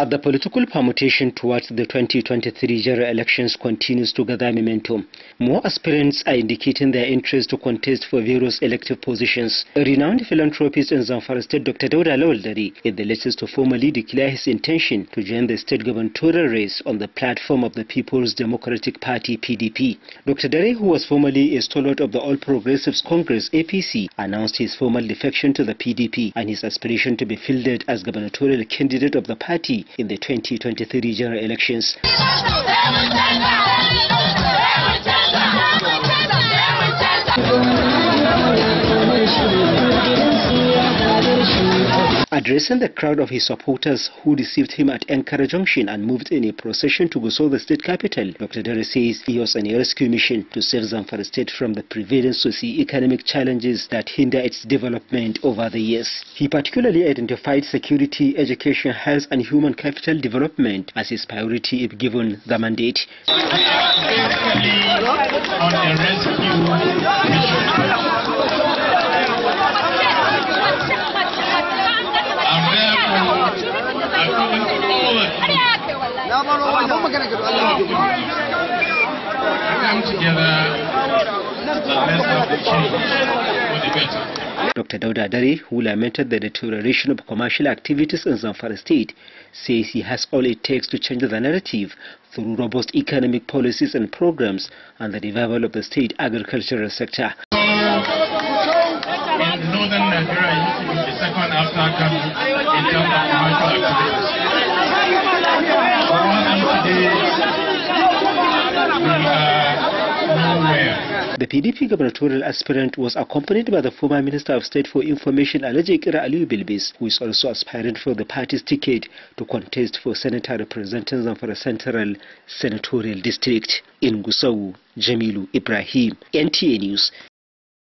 As the political permutation towards the 2023 general elections continues to gather momentum, more aspirants are indicating their interest to contest for various elective positions. A renowned philanthropist in Zamfara State, Dr. Dauda Lawaldari, is the latest to formally declare his intention to join the state gubernatorial race on the platform of the People's Democratic Party, PDP. Dr. Dare, who was formerly a stalwart of the All Progressives Congress, APC, announced his formal defection to the PDP and his aspiration to be fielded as gubernatorial candidate of the party in the 2023 general elections. Addressing the crowd of his supporters who received him at Ankara Junction and moved in a procession to Gusau, the state capital, Dr. Dare says he was on a rescue mission to save Zamfara state from the prevailing socio-economic challenges that hinder its development over the years. He particularly identified security, education, health and human capital development as his priority if given the mandate. Dr. Dauda Adari, who lamented the deterioration of commercial activities in Zamfara state, says he has all it takes to change the narrative through robust economic policies and programs and the revival of the state agricultural sector. northern Nigeria, the second after in terms of The PDP gubernatorial aspirant was accompanied by the former Minister of State for Information Alejekira Ali Bilbis, who is also aspirant for the party's ticket to contest for senator for a Central Senatorial District in Gusau, Jamilu Ibrahim, NTA News.